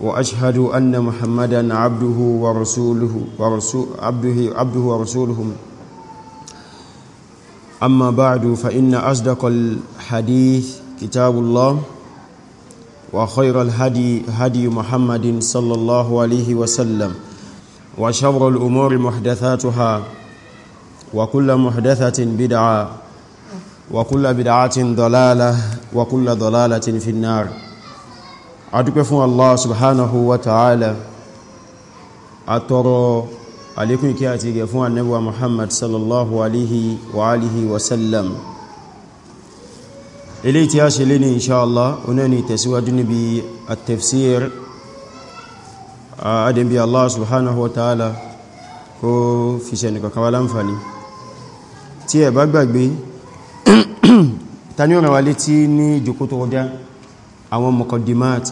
وأشهد أن محمدا عبده ورسوله ورسول عبده عبده ورسوله أما بعد فإن أصدق الحديث كتاب الله وخير الهدي هدي محمد صلى الله عليه وسلم وشر الأمور محدثاتها وكل محدثة بدعة وكل بدعة ضلالة وكل ضلالة في النار adúpẹ́ fún Allah subhanahu wa ta'ala àtọrọ alékún kí a ti gẹ fún annabuwa Muhammad sallallahu alihi wa alihi wasallam ilé tí a ṣe lé ní inṣáàlá oní ni tẹ̀síwájú níbi at-tafsir a adìnbí Allah subhanahu wa ta'ala kó fi ṣe nìkan kawà tí ẹ bá gbàgbé ta ní ọ̀nà wa létí ní ìjókòó tó àwọn mọ̀kọ̀dìmáàt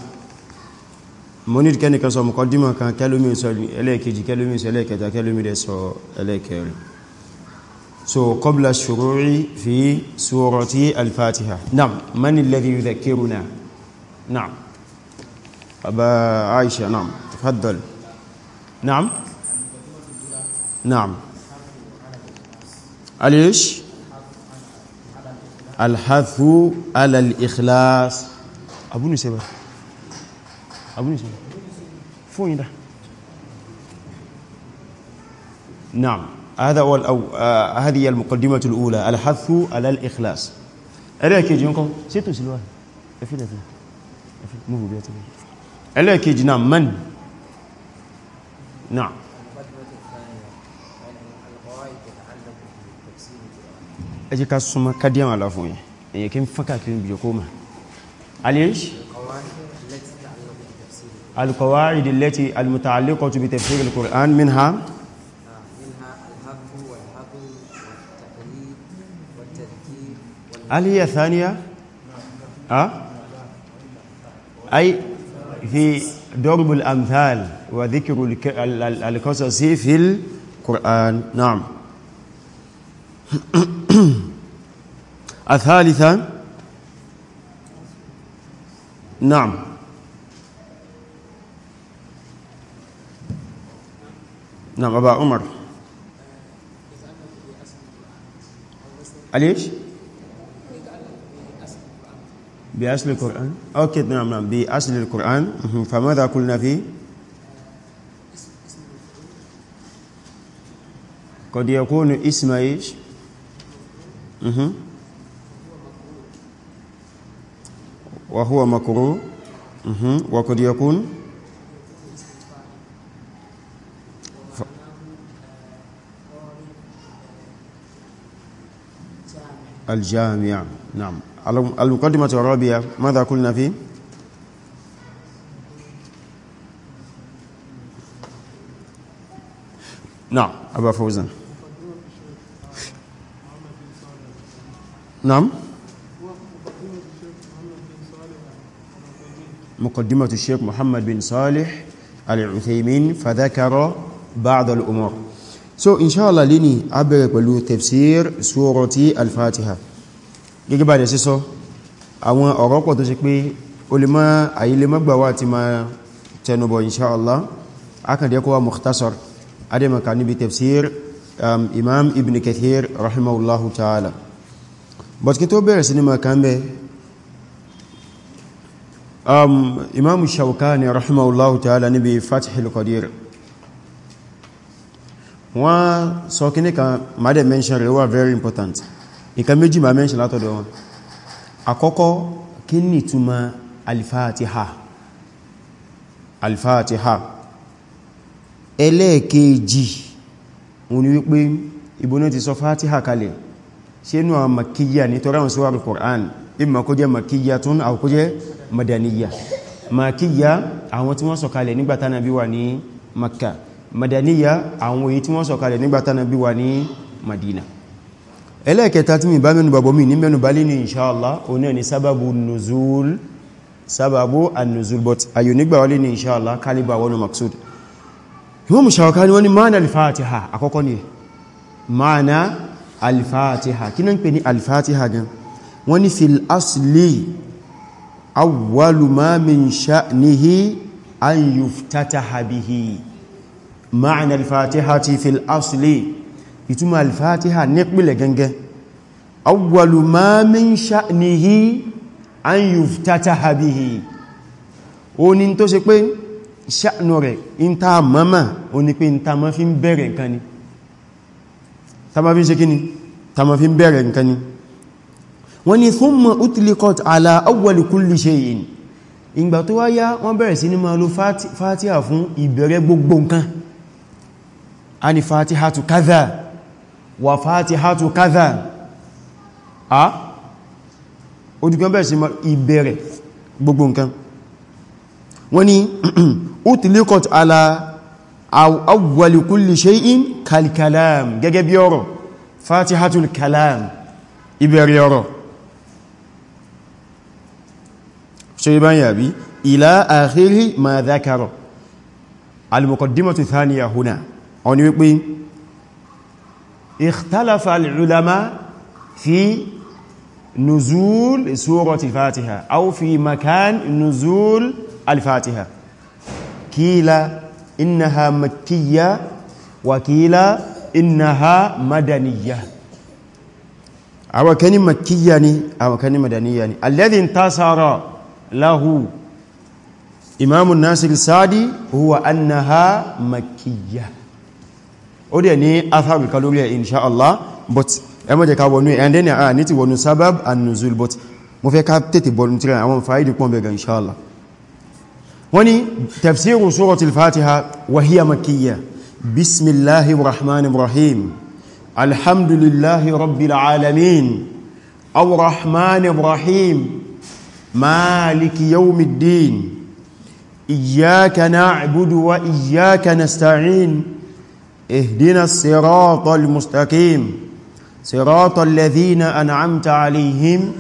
mo ní ẹlẹ́ẹ̀kẹta kẹlómínsọ ẹlẹ́ẹ̀kẹrẹ sọ mọ̀kọ̀dìmá kan kẹlómi sọ ẹlẹ́ẹ̀kejì kẹlómi sọ ẹlẹ́ẹ̀kẹta kẹlómi dẹ̀ sọ ẹlẹ́ẹ̀kẹrin so qabla shuru'i fi surati al-fatiha na'am man alladhi yudhakkiruna na'am على الإخلاص نعم هذا هو او هذه المقدمه الاولى الحث على الاخلاص اريك جنكم سيتو سلوى افيد افيد مو بيت اريك جنا من نعم اجي كاسوما كديان على فوني اي كان فكا كريم بيو كوما عليش القواعد التي المتعلقة بتفسير القرآن منها منها الهب والهب والتقليد والتذكير هل هي ثانية؟ أه؟ أي في ضرب الأمثال وذكر القصص في القرآن نعم الثالثة نعم نعم أبا عمر ليش؟ بأصل القرآن أوكي نعم نعم بأصل القرآن فماذا قلنا فيه؟ قد يكون اسم ايش؟ وهو مكروه وقد يكون ف... الجامع نعم المقدمة الرابعة ماذا قلنا فيه نعم أبا فوزان نعم مقدمة الشيخ محمد بن صالح العثيمين فذكر بعض الأمور so inshallah lini abẹ̀rẹ̀ pẹ̀lú tafsir surati al-fatiha gẹ́gẹ́ bá dẹ̀ sí sọ àwọn ọ̀rọ̀ pọ̀ tó ṣe pé o lè máa àyílé mọ́gbàwà ti máa tẹnubọ̀ inshallah akàndẹ́kọwà mukhtasar adẹ́maka níbi tafsir um, imam ibn kathir rahimahullahu ta'ala but kí tó bẹ̀rẹ̀ sí ni makambe um, imam Shawkani rahimahullahu ta'ala níbi Fathul Qadir wọ́n sọ kí ní kan made mention rẹ̀ wà very important ìkan méjì ma mention látọ̀dọ̀ wọn àkọ́kọ́ kí ní túnmà al-Fatiha al-Fatiha ẹlẹ́ẹ̀kejì wọn ni wípé ìbónú ti sọ Fatiha kalẹ̀ ṣe inú àwọn makiyya ní tọ́ráwọn síwá al-Qur'an ìmọ̀ kó jẹ́ makiyya madaniya makiya àwọn tí wọ́n sọ̀kalẹ̀ nígbàtà nàbí wà ní makka madaniya àwọn èyí tí wọ́n sọ̀kalẹ̀ nígbàtà nàbí wà ní madina ẹlẹ́ẹ̀kẹta tí mi bá mẹ́nu bàbọ̀ mi ní mẹ́nu bá lé ní inṣáàlá oní ẹni sábàbù nùzúl sábàbù annuzul but ayo nígbà wọlé ní inṣáàlá kálíbà wọnú maksud imam shawkani wani ma'ana al-fatiha àkọ́kọ́ ni ma'ana al-fatiha awwalu ma min sha'nihi an yuftataha bihi ma'ana al-fatihati fil asli ìtumọ̀ al-fatiha ní pìlẹ̀ gangan awwalu ma min sha'nihi an yuftataha bihi ó ní tó ṣe pé sha'nu rẹ̀ in ta mama ó ní pé ma fi ń bẹ̀rẹ̀ ni ta ma fi ń ṣe ta ma fi ń bẹ̀rẹ̀ ni wọ́n ni thumma utliqat ala awwal kulli shay'in ìgbà tó wáyá wọ́n bẹ̀rẹ̀ sí ní máa lo fatiha fún ìbẹ̀rẹ̀ gbogbo nǹkan a ni fatihatu kadha wa fatihatu kadha a odùkan bẹ̀rẹ̀ sí ìbẹ̀rẹ̀ gbogbo nǹkan wọ́n ni utliqat ala awwal kulli shay'in kal kalam gẹ́gẹ́ bí so yi bayan yabi ila akhiri ma zakaro al-muqaddimatu thaniya huna wani wípé ikhtalafa al-ulama fi nuzul surati fatiha aw fi makan nuzul al-fatiha kila innaha makkiya wa kila innaha madaniya awa kani makkiya ne awa kani madaniya ne alladhi intasara lahu imamu nasir sadi huwa annaha makiyya ó dẹ̀ ní atharul kalori ẹ̀ insha Allah but ẹ mọ́ jẹ́ ká wọnú ẹ̀ ẹ̀ndẹ́ni a ah, ní ti wọnú sabab and nuzul but mo fẹ́ ká tètè bọ̀rún tíra àwọn fàídì pọ̀n bẹ̀rẹ̀ insha Allah wọ́n tafsirun suratul fatiha wa hiya makiyya bismillahi rahmanir rahim alhamdulillahi rabbil alamin ar-rahmanir rahim maliki yawmiddin iyyaka na'budu wa iyyaka nasta'in ihdina siratal mustaqim siratal ladhina an'amta alayhim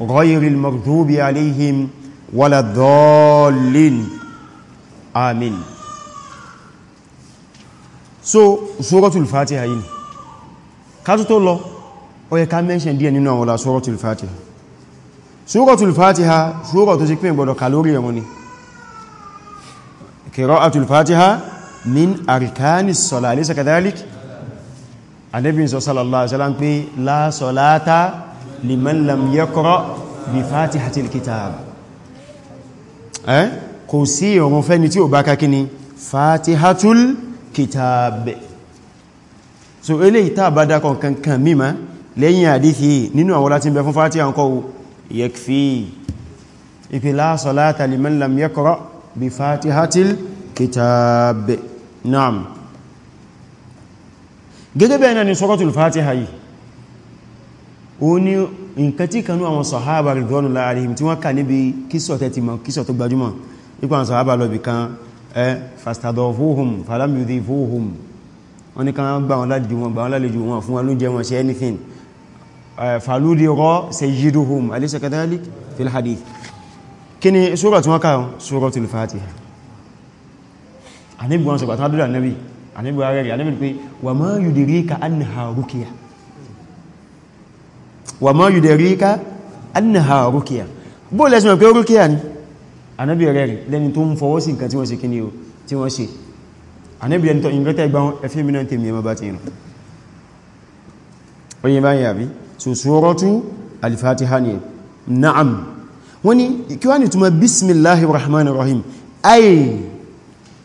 ghayril maghdubi alayhim waladdallin amin so suratul fatiha yìí ká tó tó lọ ó yẹ ká mention díẹ̀ nínú àwọn la suratul fatiha Suratul Fatiha ṣúrọ̀ tó sì pín gbọdọ̀ kalórí ẹ̀wọ̀n ni Qira'atul Fatiha min arkanis sọ̀lá laysa kadhalik Ànábì sallallahu alaihi wasallam pé la salata liman lam yaqra bi Fatihatil kitab eh kò sí ọ̀run fẹ́ni tí ò bá ká kíni Fatihatul kitab so eléyìí tá bá dákọ̀ kankan mímá lẹ́yìn àdífì nínú àwọn láti bẹ fún Fatiha ń kọ́wọ́ yakfi ipi la salata liman lam yaqra bi fatihatil kitab naam gẹ́gẹ́ bẹ́ẹ̀ náà ni suratul fatiha yìí ó ní nǹkan tí kanú àwọn sahaba ridwanullahi alaihim tí wọ́n kà níbi kíso tẹ́tí mọ̀ kíso tó gbajúmọ̀ ipò àwọn sahaba lọ bí kan ẹ fastadofuhum falam yudhifuhum wọ́n ní kan gbà wọn lálejò wọn gbà wọn lálejò wọn fún wọn lóúnjẹ wọn ṣe anything فلودغ سيدهم أليس كذلك في الحديث كني سورة وكا سورة الفاتحة النبي وان سبحانه وتعالى النبي النبي وارغي النبي بي وما يدريك أنها ركية وما يدريك أنها ركية bó lẹ́sìn ọ̀pẹ́ orúkíyà ni anábì rẹ̀ lẹ́ni tó ń fọwọ́ sí nǹkan tí wọ́n ṣe kí ni o tí wọ́n ṣe anábì ẹni tó ìrẹ́tẹ̀ gbáwọn ẹfẹ́ mìíràn tèmi bá ti rìn oyin báyìí àbí so suratu al-fatiha ni na'am wani kí wá ní túnmọ̀ bismillahir rahmanir rahim ay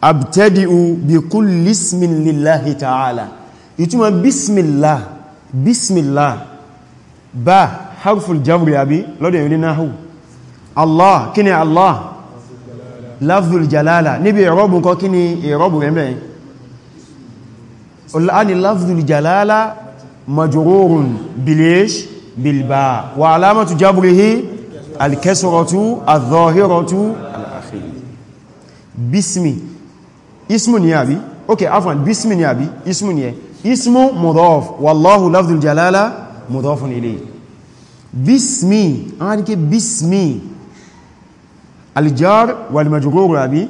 abtadi'u bi kulli ismin lillahi ta'ala ìtúnmọ̀ bismillah bismillah ba harful jamri abi lọ́dọ̀ yìí náà hù allah kí ni allah lafzul jalala níbi ìrọ́bù nǹkan kí ni ìrọ́bù rẹ̀ mẹ́rin lafzul jalala majrurun bilish bilba wa alamatu jabrihi alkesorotu adhohirotu alakhiri bismi ismu ni abi ok afwan bismi ni abi ismu ni e. ismu mudhaf wallahu lafdhul jalala mudhafun ilayhi bismi an ke bismi aljar wal majrur abi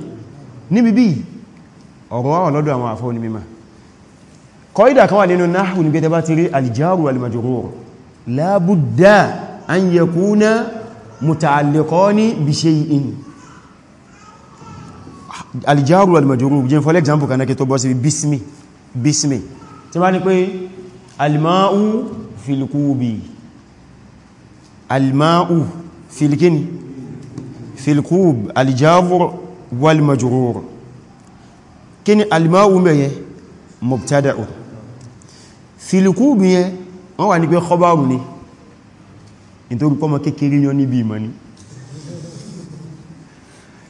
ni bibi ọ̀rọ̀ wà lọ́dọ̀ àwọn àfọ́ onímọ̀ kọ́ídà kan wà nínú náhù ní gẹ́tẹ́ bá ti rí alìjáàrù alìmàjòrò lábúdá an yẹ kúnà mùtàlẹ̀kọ́ ní bí ṣe in alìjáàrù alìmàjòrò jẹ́ for example kan náà kẹtọ́ bọ́ sí bísmì bísmì tí bá ní pé alìmáù filkúbi alìmáù filkini filkúb alìjáàrù walìmàjòrò kí ni alìmáù filikúbù yẹn wọ́n wà ní pé kọbárù ni nítorí pọ́mọ kékeré yọ níbi ìmọ̀ ni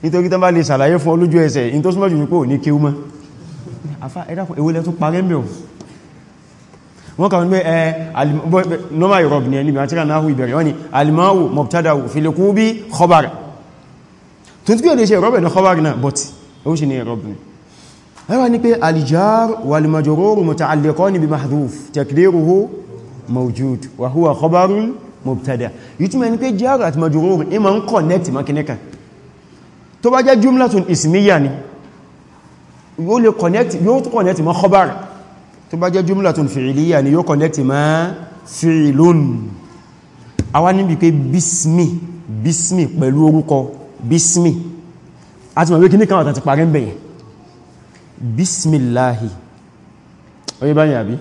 nítorí tán bá lè sàlàyé fún olójú ẹsẹ̀ in tó súnmọ́jú ní pé ò ní kí ó mọ́ afá ẹ̀dàkùn ewélẹ̀ tó parẹ́ mẹ́ wọ́n kàwọn pé ẹ eh, normal europe ni ẹni bí àtíkà náà ìbẹ̀rẹ̀ wọ́n ni alimawu mọ̀tádàwò filikúbí kọbárù ẹwà ní pé aljar walmajororo muta'alliqani bi mahdhuf takdiruhu mawjud wa huwa khabarun mubtada yutuma ní pé jar àti majororo e ma ń connect makinika tó bá jẹ́ jumlatun ismiya ni yóò lè connect yóò tó connect ma khabar tó bá jẹ́ jumlatun fi'iliya ni yóò connect bismi pẹ̀lú orúkọ bismi àti mọ̀ wé kí ní kan àtàtì parí ń bẹ̀yẹn bismillahi oye báyìí àbí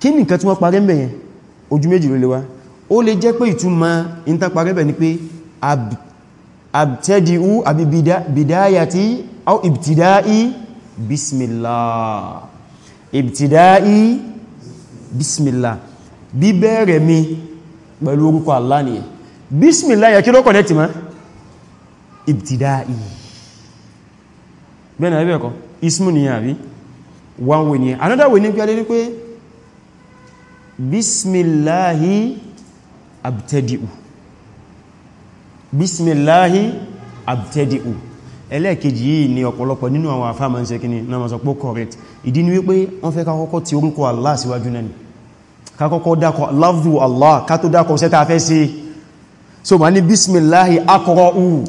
kí ni nǹkan tí wọ́n parẹ́ mẹ́yẹn ojú méjì ló lè wá ó lè jẹ́ pé ìtumọ̀ ìta parẹ́ bẹ̀ ni pé abtadi'u àbí bidayati au ibtida'i bismillah ibtida'i bismillah bíbẹ̀rẹ̀ mi pẹ̀lú orúkọ Allah bismillah yẹ kí ló kọ̀nẹ́tì mọ́ ibtida'i bẹ́ẹ̀nà ẹbẹ́ ẹ̀kọ́ ismu ni àbí one way ni another way ni pé adé ní pé bismillahi abtadi'u bismillahi abtadi'u ẹlẹ́ẹ̀kejì yìí ni ọ̀pọ̀lọpọ̀ nínú àwọn àfáàmà ń sẹ́kíní náà ma sọ pé correct ìdí ni wípé wọ́n fẹ́ kákọ́kọ́ tí orúkọ Allah síwájú náà ni kákọ́kọ́ dákọ̀ lafzu Allah ká dákọ̀ sẹ́ta fẹ́ sí so ma ní bismillahi akọrọ̀ u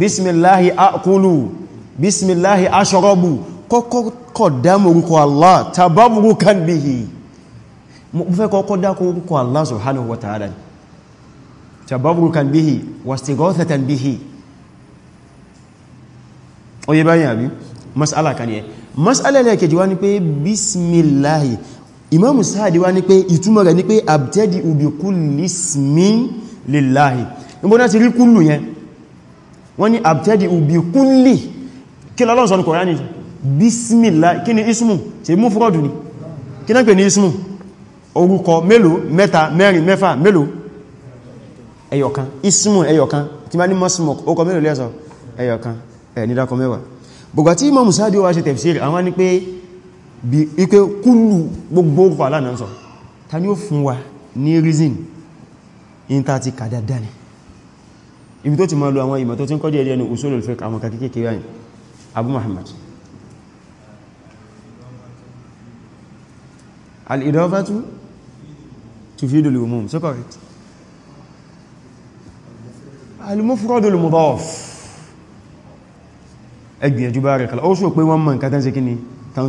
bismillahi akulu bismillahi aṣọ́rọ́bù kọ́kọ́ dámọ̀ orúkọ Allah tàbábùrú kan bí i mo fẹ́ kọ́kọ́ dákọ orúkọ Allah subhanahu wa ta'ala tàbábùrú kan bí i wastigothatan bí i oye báyìí àbí mas'ala kan yẹ mas'ala ilẹ̀ kejì wá ní pé bismillahi imamu sáàdì wá ní pé ìtumọ̀ rẹ̀ ní pé abtadi ubi kulli ismin lillahi ni abtadi ubi kulli kí lọ́lọ́n sọ ní kọ̀rání bísmìlá kí ni ismù ṣe mú fúrọ́dù ni kí náà pè ní ismù orúkọ mélòó mẹ́ta mẹ́rin mẹ́fà mélòó ẹyọkan ismù ẹyọkan tí ma ní mọ́símọ̀ orúkọ mélòó lẹ́sọ ẹyọkan ẹ̀ nídákọ mẹ́wàá bùgbà tí Imam Sa'di wá ṣe tẹ̀fsìrì àwọn ni pé ipé kúlù gbogbo orúkọ aláàna sọ ta ni ó ni ibi tó ti ma lo àwọn ìmọ̀ tó ti ń kọ́ díẹ̀ díẹ̀ ní usulul fiqh àwọn kàkíkèkèrè yìí abu muhammad al-idafatu tufidu al-umum so correct al-mufradu al-mudaf ẹgbìyànjú bá rẹ̀ kala ó ṣò pé wọ́n mọ̀ nǹkan tán ṣe kí kan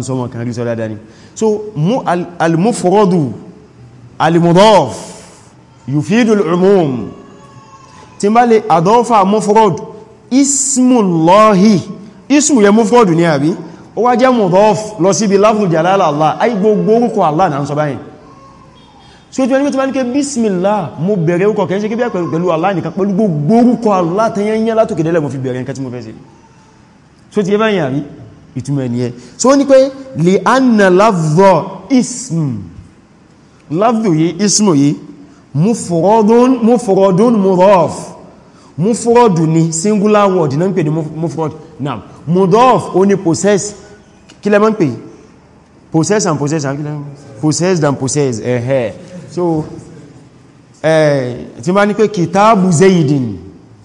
rí sọ ni so al-mufradu al-mudaf yufidu al-umum tí bá lè adọ́fà mufradu ismullahi isu yẹ mú fọ́ọ̀dù ní àbí ó wá jẹ́ mudaf lọ sí ibi lafdhu jalala Allah ayi gbogbo orúkọ Allah náà ń sọ báyìí so ètò ẹni tó bá ní kí bismillah mo bẹ̀rẹ̀ orúkọ kẹ́ ṣe kí bí pẹ̀lú Allah nìkan pẹ̀lú gbogbo orúkọ Allah tẹ́yẹnyẹ́ látòkè délẹ̀ mo fi bẹ̀rẹ̀ nǹkan tí mo fẹ́ mufrod ni singular word náà ń pè ní mufrod now mudof o possess kí lẹ mọ́ ń possess and possess and possess possess and possess ẹ̀hẹ́ so tí ma ní pé kitabu zaidin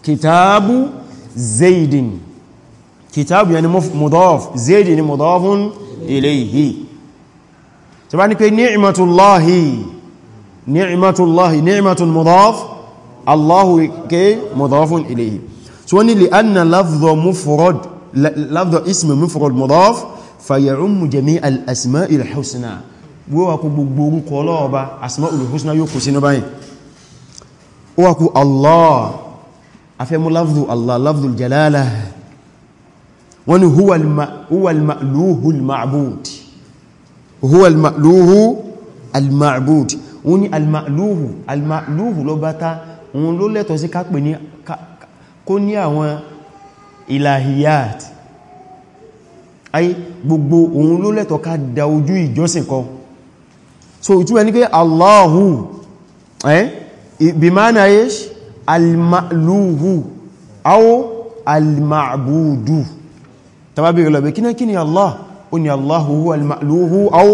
kitabu zaidin kitabu yani mudof zaidin ni mudofun ilayhi tí ma ní pé ni'matullahi ni'matullahi ni'matun mudof Allahu ke mudafun ilayhi so wọ́n ní li anna lafdha mufrad lafdha ism mufrad mudaf fay'um jami' al-asma'i al-husna wo wa ku gbogbo orúkọ Ọlọ́ba asma'ul husna yo ko sínú báyìí ó wá kù Allah afẹ́ mú lafdhu Allah lafdhu al wọ́n ní huwa maluhu al-ma'bud huwa maluhu al-ma'bud wọ́n ní al-ma'luhu al-ma'luhu òun ló lẹ́tọ̀ sí kápẹ̀ ní kó ní àwọn ilahiyat ayé gbogbo òun ló lẹ́tọ̀ ká da ojú ìjọsìn kọ so ìtú ẹni pé Allahu eh bí máa náà yé almaluhu aw alma'budu tàbí ìrọ̀lẹ̀ kí náà kí ni Allah ó ni Allahu almaluhu aw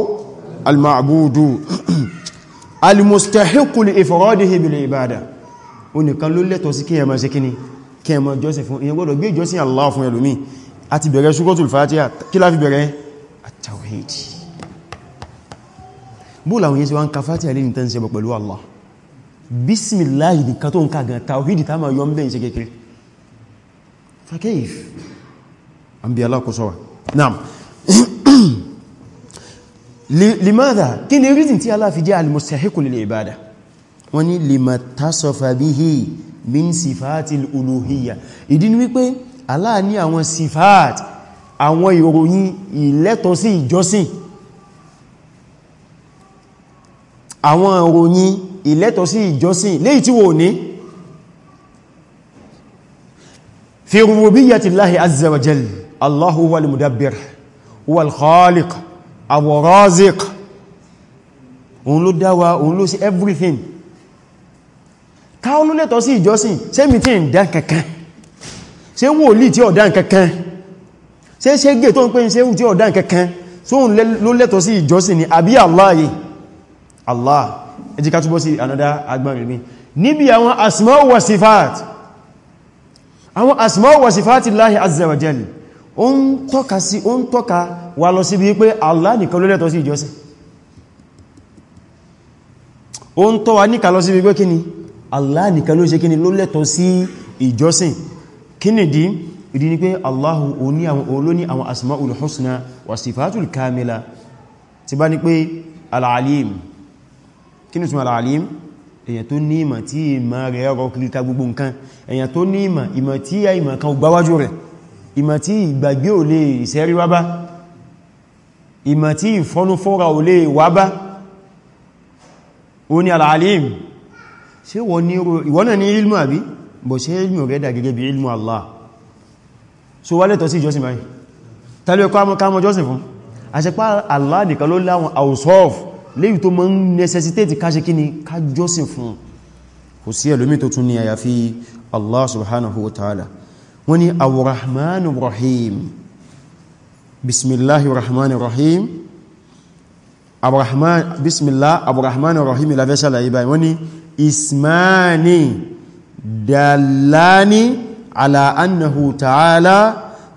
alma'budu li ifradihi bil ibada onìkan ló lẹ́tọ̀ sí kíyàmọ̀ sí kíni kíyàmọ̀ jọ́sẹ̀ fún ìyẹn gbọ́dọ̀ gbé ìjọsìn Allah fún ẹlòmí àti bẹ̀rẹ̀ ṣúkọ́tùl fàtíà kí láfi bẹ̀rẹ̀ at-tawhid bóòlà àwọn yẹn sí wá ń ka fàtíà lè nìtẹ́ ìṣẹ́bọ̀ pẹ̀lú Allah bismillahi nìkan tó ń ka gan tawhid ta ma yọ ń bẹ́ ìṣẹ́ kékeré fakayif an bi Allah kó sọ wá naam limadha kí ni reason tí Allah ibada wọ́n ní lima tasofa bihi min sifatil uluhiyya ìdí ni wípé Allah ní àwọn sifat àwọn ìròyìn ìlẹ́tọ̀ sí ìjọsìn àwọn ìròyìn ìlẹ́tọ̀ sí ìjọsìn léyìí tí wò ní fi rububiyyati Allahi azza wa jal Allahu káwọn lẹ́tọ̀ sí ìjọsìn ṣe mi tí ń dá kankan ṣe wòlíì tí ọ̀dá kankan ṣe ṣe gẹ̀ tó ń pè ń ṣe tí ọ̀dá kankan sóhun ló lẹ́tọ̀ sí ìjọsìn ni àbí Allah yìí Allah ẹ jẹ́ ká túbọ̀ sí another agbárin mi níbi asma wa sifat àwọn asma wa sifati Allahi azza wa jalla ó ń tọ́ka Allah nìkan ló lẹ́tọ̀ sí ìjọsìn ó ń tọ́ wa ni Allah nìkan ló ṣe kí ni ló lẹ́tọ̀ sí ìjọsìn kí ni dí ìdí ni pé Allahu oní àwọn olóní àwọn asma'ul husna wa sifatul kamila ti bá ní pé al'alim kí ni tún al'alim èyàn tó ní ìmọ̀ tí ìmọ̀ rẹ̀ ọ̀rọ̀ kíríká gbogbo nǹkan èyàn tó ní ìmọ̀ ìmọ̀ tí ya ìmọ̀ kan gbáwájú rẹ̀ ìmọ̀ tí ìgbàgbé ò lè ìsẹ́rí wá bá ìmọ̀ tí ìfọ́núfọ́ra ò lè wá bá ó ní al'alim ṣe wọ́n ní ìwọ́nà ní ilmù àbí bọ̀ ṣe ilmù rẹ̀ dà gẹ́gẹ́ bí ilmù Allah so wà lẹ́tọ̀ sí ìjọsìn báyìí tàbí ẹkọ́ kámọ́ jọsìn fún àṣẹpá Allah nìkan ló láwọn àwòsọ́f léyìí tó mọ́ ń necessitate káṣe kí ni ká jọsìn fún kò sí ẹlòmí tó tún ní àyàfi Allah subhanahu wa ta'ala wọ́n ni awrahmanu rahim bismillahi rahmanu rahim abrahman bismillah abrahman rahim ilafẹ́ ṣàlàyé báyìí wọ́n ni ismani dalani ala annahu ta'ala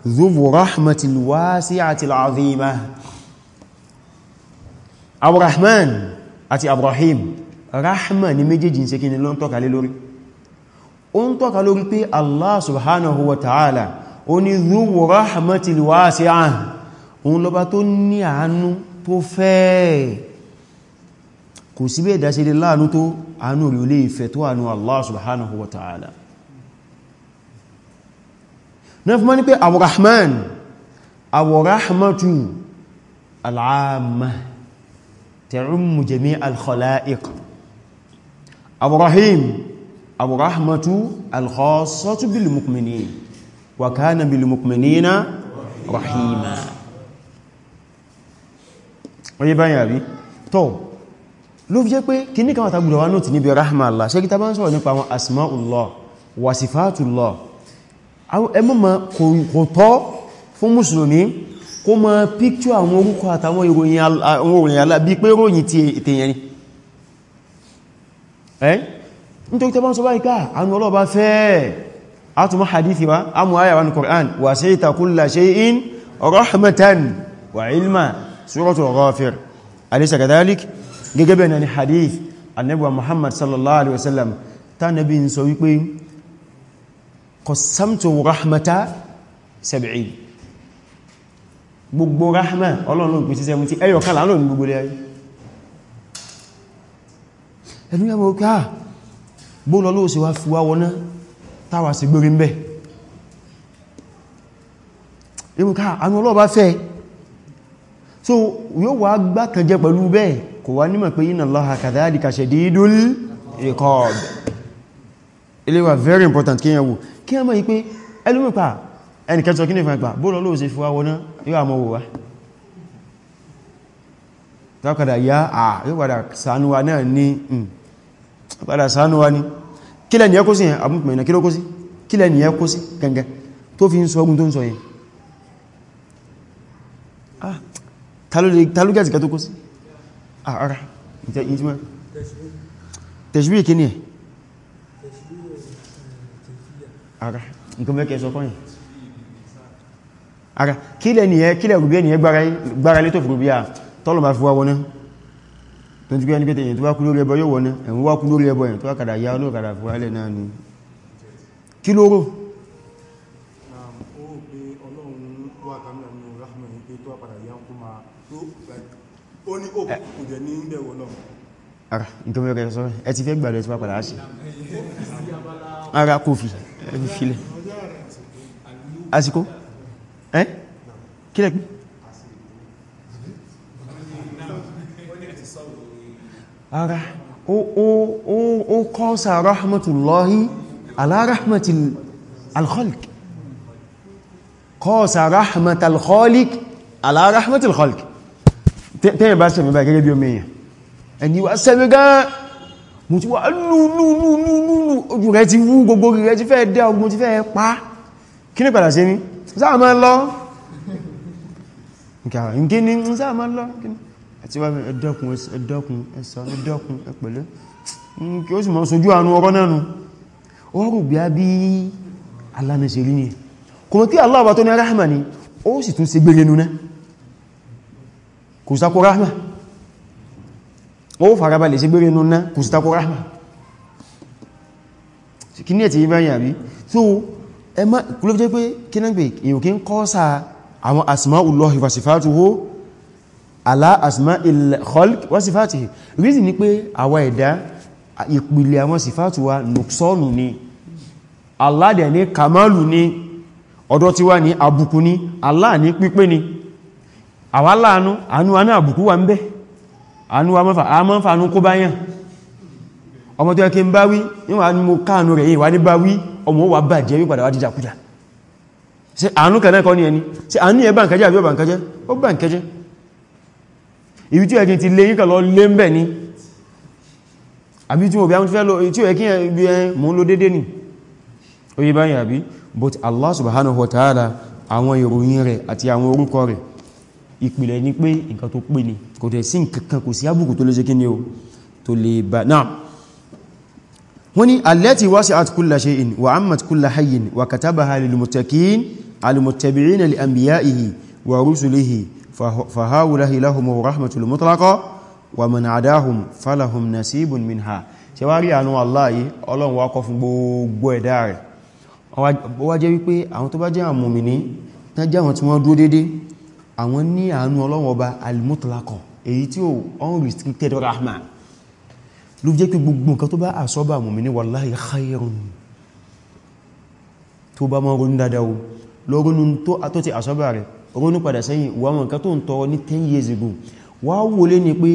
zubu rahmatil wasi'atil azima aburahman àti aburahim rahma ni méjèèjì ṣe kíni ló ń tọ́ka lé lórí ó ń tọ́ka lórí pé allah subhanahu wa ta'ala ó ní zubu rahmatil wasi'ah òun lọba tó ní àánú tó fẹ́ẹ̀ kò sí bẹ́ẹ̀ dáṣe lè láàánú tó àánú rí olè ìfẹ́ tó àánú Allah subhanahu wa ta'ala náà fi mọ́ ní pé àwọ̀rahman àwọ̀rahmatu al'amma ta'ummu jami' al-khala'iq àwọ̀rahim ló fi jẹ́ pé kí ní kàwàtà gbùdọ̀ wá nóòtì níbi rahma Allah ṣe gíta bá ń sọ̀rọ̀ nípa àwọn asma'ullah wasifatullah ẹmọ́ ma kò tọ́ fún mùsùlùmí kó ma píkṣọ àwọn orúkọ àtàwọn ìròyìn Allah bí pé ròyìn ti ètèyàn ni ẹ́ nítorí tẹ́bọ́n sọ báyìí ká àánú ọlọ́ọ̀bá fẹ́ àtúmọ̀ hadithi wa gẹ́gẹ́ bẹ̀rẹ̀ ni hadith annabi muhammad sallallahu alaihi wasallam ta nabi n sọ wípé qasamtu rahmata sab'in gbogbo rahma ọlọ́run pín sí 70 ẹyọ kan láàrín ní gbogbo lẹ́yìn ẹni yàmọ̀ òkè à ah, bóòlọ ló sì wá fi wọná táwà sí gbórí ń bẹ̀ ìmúká àwọn ọlọ́ọ̀bá fẹ́ so yóò wá gbákanjẹ pẹ̀lú bẹ́ẹ̀ kò wá nímọ̀ pé inna Allaha kadhalika shadidul iqab ilé wa very important kí yẹn wò kí a mọ̀ yí pé ẹlúmọ̀pá ẹnìkẹtọ̀ kí ní fún ẹgbà bóòlù olóò sí fún àwọn yóò àmọ́ wò wá lápadà yá à yóò padà sánúwa náà ní hmm. padà sánúwa ní kílẹ̀ ní ẹkó sí yẹn àbúntùmọ̀ ìnà kílókó sí kílẹ̀ ní ẹkó sí gangan ah, kó sí Ah, ara ìtẹ́jìmọ́ tẹ̀ṣbí kí ní ẹ̀ ara nǹkan mẹ́kẹ́ sọ kọ́yìn ara kílẹ̀ ni ẹ kílẹ̀ rúbí ẹni ẹ gbára lé tó fòrò bí a tọ́lọ̀ bá fi wá wọná tó ti gbé ẹni pẹ́tẹ̀yìn tó wá kú lórí ẹbọ yóò wọná ẹ̀wọ́n wá kú lórí ẹbọ yẹn tó wá kàdà yá olóòkàdà fòrálẹ̀ náà ni kí lóró ó ní òkú kò jẹ ní ilẹ̀ wọ́n náà ara nítorí ọ̀rẹ́ sọ ẹ ti fẹ́ gbàdọ̀ ẹ̀ tí wá padà ṣe ara kò fi ẹbí filẹ̀ àsìkò ẹ́ kílẹ̀ pín ara ó kọ́sà rahmatullahi ala rahmatil alkhalik kọ́sà rahmatal khalik ala rahmatil khalik tẹ́yìn bá sẹ̀mí bá gẹ́gẹ́ bí ọmọ èèyàn ẹni wá sẹ́mí gán mo ti wá lúlúlúlú ojú rẹ̀ ti wú gbogbo rẹ̀ ti fẹ́ dẹ́ ogun ti fẹ́ pa kí ní padà sí ní sáà máa lọ nkí ní sáà máa lọ àti wá ẹdọ́kun ẹdọ́kun ẹsàn ẹdọ́kun ẹpẹ̀lẹ́ kí ó sì mọ́ sojú àánú ọ̀rọ̀ náà nù ó rù bí a bí alánàṣẹ́rí ni kò mọ̀ Allah bá tó ní rahmani ó sì tún ṣe gbére nù náà kò sí tako rahma ó farabalẹ̀ sí gbére inú náà kò sí tako rahma kí ní ẹ̀ tí yí báyìí àbí so ẹ má kúlọ́ jẹ́ pé kí náà gbé èyàn kí ń kọ́ sa àwọn asma'ullahi wa sifatuhu ala asma'il khalq wa sifatihi reason ni ní kamalu ni ọ̀dọ̀ ní pípé ni àwa láàánú àánú wa náà àbùkú wa ń bẹ́ àánú wa mọ́fà àmọ́ fàánú kó bá yàn ọmọ tó yẹ kí n bá wí níwà ní mo káànú rẹ̀ ìwà ní bá wí ọmọ wà bà jẹ́ wípadà wá jíjàkújà ṣé àánú kẹ́lẹ́kọ́ ní ẹni ṣé àánú yẹ bàǹkẹ́jẹ́ àbí bàǹkẹ́jẹ́ ó bàǹkẹ́jẹ́ ibi but Allah subhanahu wa ta'ala àwọn ìròyìn rẹ̀ àti àwọn orúkọ rẹ̀ ìpìlẹ̀ ní pé nǹkan tó pé ni kò tẹ̀ sí nǹkan kò sí àbùkù tó lè ṣe kí ni o tó lè bá náà wọ́n ni allati wasi'at kulla shay'in wa ammat kulla hayyin wa katabaha lilmuttaqin almuttabi'ina li anbiya'ihi wa rusulihi fa ha'ula'i lahumur rahmatul mutlaqa wa man 'adahum falahum nasibun ṣe wá rí àánú Allah yìí Ọlọ́run wá kọ àwọn ní àánú ọlọ́wọ́ ọba al-mutlaqo èyí tí ó unrestricted rahma ló jẹ́ pé gbogbo nǹkan tó bá àsọ́bà mùmí ní wallahi khairun tó bá mọ́ ronú dáadáa o lọ́rúnú tó àtọ́tí àsọ́bà rẹ̀ ronú padà sẹ́yìn wọ́n nǹkan tó ń tọrọ ní 10 years ago wá wọlé ní pé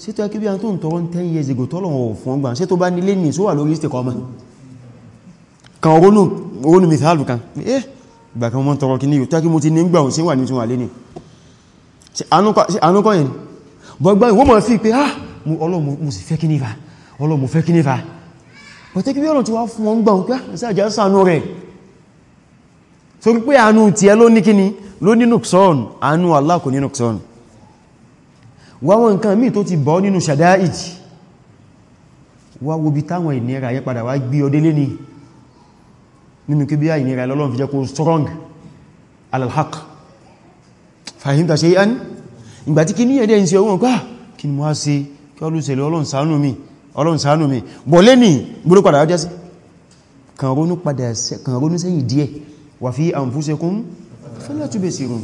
sí tó ẹkébí tó years ago tọ́lọ̀wọ̀ fún ọgbà sí tó bá nílé ní sówà lórí ìsìtẹ̀ kan ronú mithal kan eh ìgbà kan mọ́ tọrọ kí ní yóò tó ẹkí mo ti ní gbà sí wà ní tún wà ní sí anúkọ́ yẹn bọ̀gbà ìwọ́n mọ̀ sí pé ah Ọlọ́run mo sì fẹ́ kí nífà Ọlọ́run mo fẹ́ kí nífà pọ̀tẹ́ kí bí Ọlọ́run ti wá fún wọn gbà ń pẹ́ ìsáàjá sànú rẹ̀ torí pé àánú tí ẹ ló ní kíní ló ní nùksọ́n àánú Allah kò ní nùksọ́n wáwọn nǹkan míì tó ti bọ́ nínú ṣàdáìjì wá wo bí táwọn ìnira yẹ padà wá gbé ọdé lé ní nínú kí bí á ìnira lọ́lọ́run fi jẹ́ kó strong alalhaq fahimta shay'an ìgbàtí kí ní ẹ̀dẹ́ ìṣẹ́ owó nǹkan kí ni mo á ṣe kí ọlọ́sẹ̀lẹ̀ Ọlọ́run ṣàánú mi Ọlọ́run ṣàánú mi bọ̀ lẹ́nì gbọ́lọ́ padà ọjọ́ sí kàn ronú padà kàn ronú sẹ́yìn díẹ̀ wà fi anfusikum fala tubsirun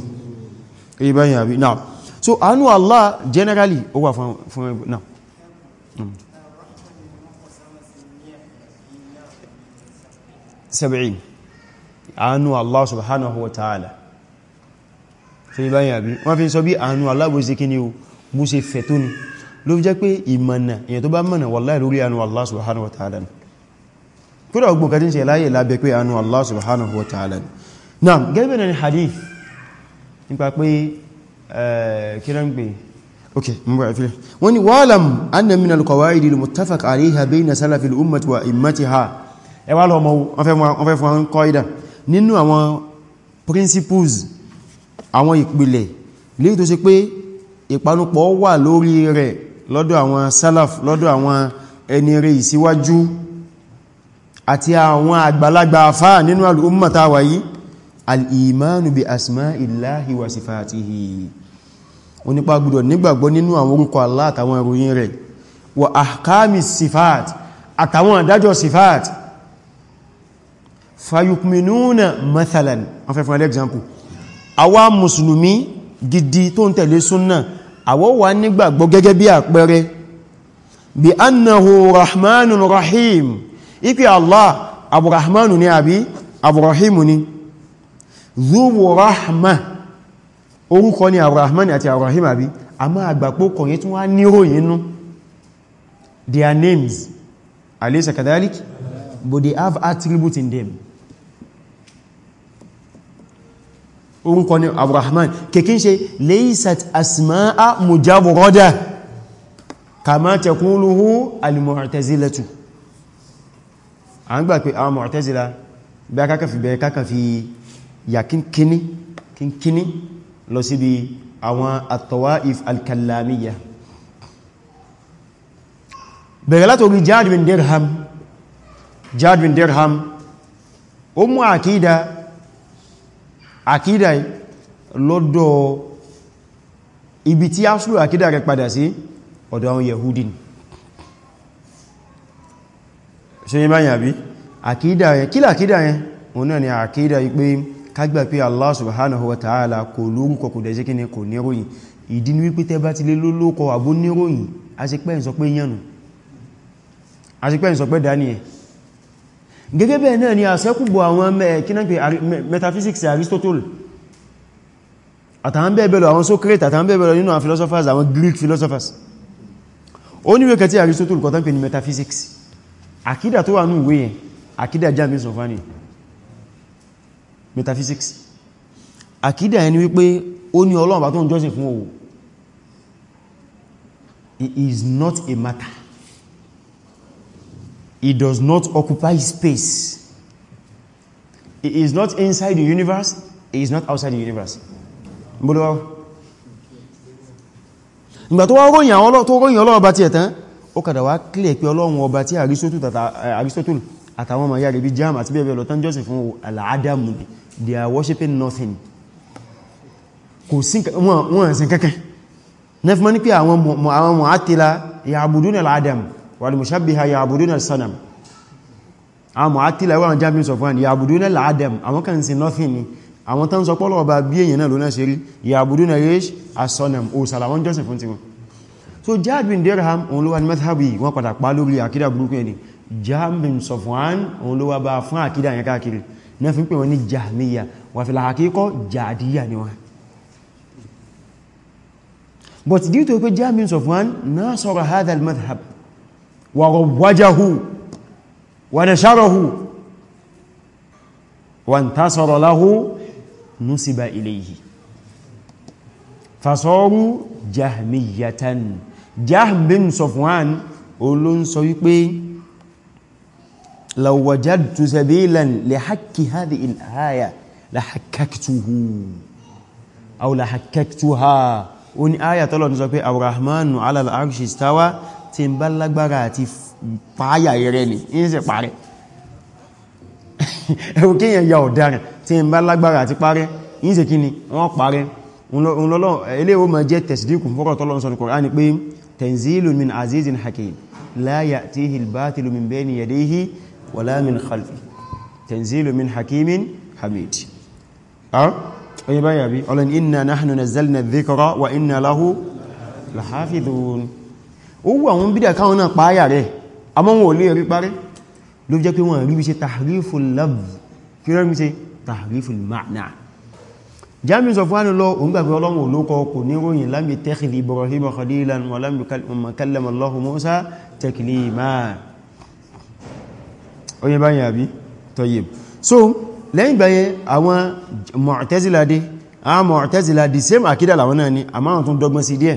èyí báyìí àbí náà so àánú Allah generally ó wà fún ẹgbẹ̀ náà hmm. sab'in àánú Allah subhanahu wa ta'ala sí ibáyìn àbí wọ́n fi ń sọ bí àánú alábòsí kí ni o bú ṣe fẹ̀ tó ní ló fi jẹ́ pé ìmọ̀nà èyàn tó bá mọ̀nà wallahi lórí àánú Allah subhanahu wa ta'ala ni kódà ọgbọ̀n kàtí ń ṣe láyé lábẹ́ pé àánú Allah subhanahu wa ta'ala ni náà gẹ́gẹ́ bẹ̀rẹ̀ ni hadith nípa pé kíran gbé ok mbọ̀ ìfilẹ̀ ẹwà lọ́mọ wọ́n fẹ́ ìdá nínú àwọn principles àwọn ìpìlẹ̀ lè tó ṣe pé ìpanupọ̀ wà lórí rẹ̀ lọ́dọ̀ àwọn salaf lọ́dọ̀ àwọn ẹni rẹ̀ ìsíwájú àti àwọn àgbàlagbà afá nínú al'umma ta wáyí al'imanu bi asma'illahi wa sifatihi onípa gbọ́dọ̀ nígbàgbọ́ nínú àwọn orúkọ Allah àtàwọn ìròyìn rẹ̀ wa ahkami àdájọ́ sifat fayukminuna mathalan afẹ́fún example àwa mùsùlùmí gidi tó ń tẹ̀lé súnnà àwọ́ wà nígbàgbọ́ gẹ́gẹ́ bí àpẹẹrẹ bí annahu rahmanun rahim ipi allah aburahmanu ni àbí aburahimu ni zuwu rahma orúkọ ni aburahmanu àti aburahim àbí a máa gbàpọ̀ kọ̀yẹ́ tí wọ́n níròyìn nú their names alaysa kadhalik but they have attributes in them orúkọ ni abdurrahman kìkín ṣe leysat asma'a mujaburada kama takuluhu al-mu'tazilatu a ń gbà pé àwọn mu'tazila bí a kákà fi bẹ̀rẹ̀ kákà fi yà kínkíní lọ sí bí àwọn at-tawa'if al-kallamiyya bẹ̀rẹ̀ látorí Jad bin Dirham Jad ó mú àkídà àkídà lọ́dọ̀ ibi tí áṣùlù àkídà rẹ̀ padà sí ọ̀dọ̀ àwọn yahudi ni ṣe yí báyìí àbí àkídà rẹ̀ kí làkídà rẹ̀ òun náà ni àkídà yí pé kágbà pé Allah subhanahu wa ta'ala kò lórúkọ kò dẹ̀ṣẹ́ kíni kò níròyìn ìdí ni wípé tẹ́ bá ti lé lólókọ àbó a sì pẹ́ ń yẹnu a sì pẹ́ ń daniel gẹ́gẹ́ bẹ́ẹ̀ náà ni àṣẹ́kùbọ̀ àwọn kínápẹ̀ metaphysics Aristotle àtàwọn bẹ́ẹ̀ bẹ́ẹ̀ àwọn Socrates àtàwọn bẹ́ẹ̀ bẹ́ẹ̀ nínú àwọn philosophers àwọn Greek philosophers ó ní wẹ́kẹ̀ tí Aristotle kọ̀tán pè ní metaphysics àkídà tó wà ní ìwé yẹn àkídà James of metaphysics àkídà ẹni wípé ó ní Ọlọ́run bá tó ń jọ́sìn fún òwò it is not a matter it does not occupy space. It is not inside the universe, it is not outside the universe. Mbọ́lọ́wọ́. Ìgbà tó wá ròyìn àwọn ọlọ́ tó ròyìn ọlọ́ọ̀bá ti ẹ̀tán, ó kàdà wá kílẹ̀ pé ọlọ́run ọba tí Aristotle eh, àtàwọn ọmọ yàrí bí jam àti bẹ́ẹ̀bẹ́ẹ̀ lọ tán jọ́sìn fún aláàdámù they are worshiping nothing kò sí wọ́n sí kankan nefman ní pé àwọn mọ̀ àtìlá ya'buduna aláàdámù والمشبهة يعبدون الصنم àwọn mọ̀átí lẹ́wọ́ àwọn jamiu sọ̀fán yàbùdúnà láàdẹ̀m àwọn kan sí nothing ni àwọn tán sọ pọ́lọ̀ ọba bí èyàn náà ló náà ṣe rí yàbùdúnà rèéṣ asọ́nàm òsàlàwọ́n jọ́sìn fún ti wọn so jabin derham òun ló wà ní mẹ́tàbí wọ́n padà pa lórí àkídà burúkú ẹni jamiu sọ̀fán òun ló wà bá fún àkídà but due to pé jamiu sọ̀fán náà sọ̀rọ̀ وروجه ونشره وانتصر له نسب إليه فصاروا جهمية جهم بن صفوان olóń sọ wípé law wajadtu sabilan li haqqi hadhihi al-aya la haqqaqtuhu aw la haqqaqtuha ó ní áyà tọ́lọ̀ ní sọ pé ar-rahmanu ala al-arshi istawa tí ń bá lágbára àti pààyà rẹ̀ ní ìṣẹ́ parẹ́ ẹ̀rù kí èyàn ya ọ̀daràn tí ń bá lágbára àti parẹ́ ìṣẹ́ kí ni wọ́n parẹ́ eléwó ma jẹ́ tẹ̀sídíkù fọ́rọ̀ tọ́lọ́run sọ ní Kùránì pé tanzilun min azizin hakim la ya'tihi al-batilu min bayni yadayhi wala min khalfi tanzilun min hakimin hamid ọ̀yẹ́ báyàbí ọlọ́ni inna ó wù àwọn bídà káwọn náà pààyà rẹ̀ àmọ́ wọn ò lè rí parí ló jẹ́ pé wọ́n rí wíṣe tahriful lafz kí rẹ̀ wíṣe tahriful ma'na jami sọ fún lọ òun gbàgbé ọlọ́run olókọ kò ní ròyìn lam yattakhidh Ibrahim khalilan wa lam yukallima Allahu Musa taklima oye báyìí àbí tọ́yẹ̀ so lẹ́yìn gbáyẹ àwọn Mu'tazila dé àwọn Mu'tazila dì same àkídà làwọn náà ni àmáhàn tún dọ́gbọ́n sí díẹ̀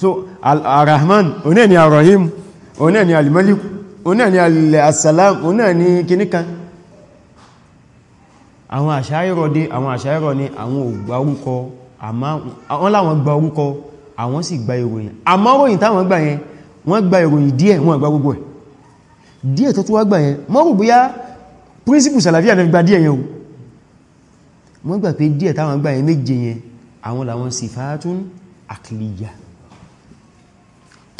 so al-rahman oní ẹni al-rahim oní ẹni al-malik oní ẹni al-salam oní ẹni kìníkan àwọn àṣáyírọ̀ dé àwọn àṣáyírọ̀ ní àwọn ògbà orúkọ àwọn láwọn gba orúkọ àwọn sì gba ìròyìn àmọ́ táwọn gbà yẹn wọ́n gba ìròyìn díẹ̀ wọ́n gba gbogbo ẹ̀ díẹ̀ tó tó wá gbà yẹn mọ́rù bóyá príncipù sàlàfíà ní gba díẹ̀ yẹn o wọ́n gbà pé díẹ̀ táwọn gbà yẹn méje yẹn àwọn làwọn sifatun akliyah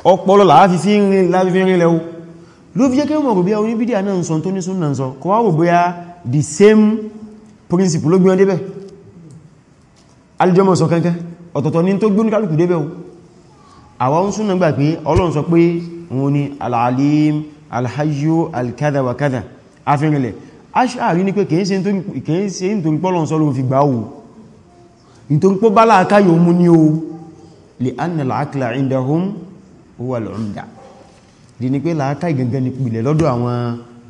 ọpọlọ láàfi sí rin láàfi rin lẹ́wó ló fi jẹ́ kí mọ̀ rògbé oní bídíà náà ń sọ tó ní súnnà ń sọ kọ wá rògbé a the same principle ló gbíọ́n débẹ̀ alijọmọ̀ sọ kankan ọ̀tọ̀tọ̀ ní tó gbíọ́n kálùkù débẹ̀ o àwọn súnnà gbà pé ọlọ́run sọ pé wọn ni alalim alhayyo alkada wa kada afinrinlẹ̀ aṣáàrí ní pé kìí ṣe nítorí pọ́lọ̀ sọ ló fi gbà o nítorí pọ́ bá láàkáyò mú ní o lè annal akla indahum huwa al-umda di ni pé làákàí gangan ni pìlẹ̀ lọ́dọ̀ àwọn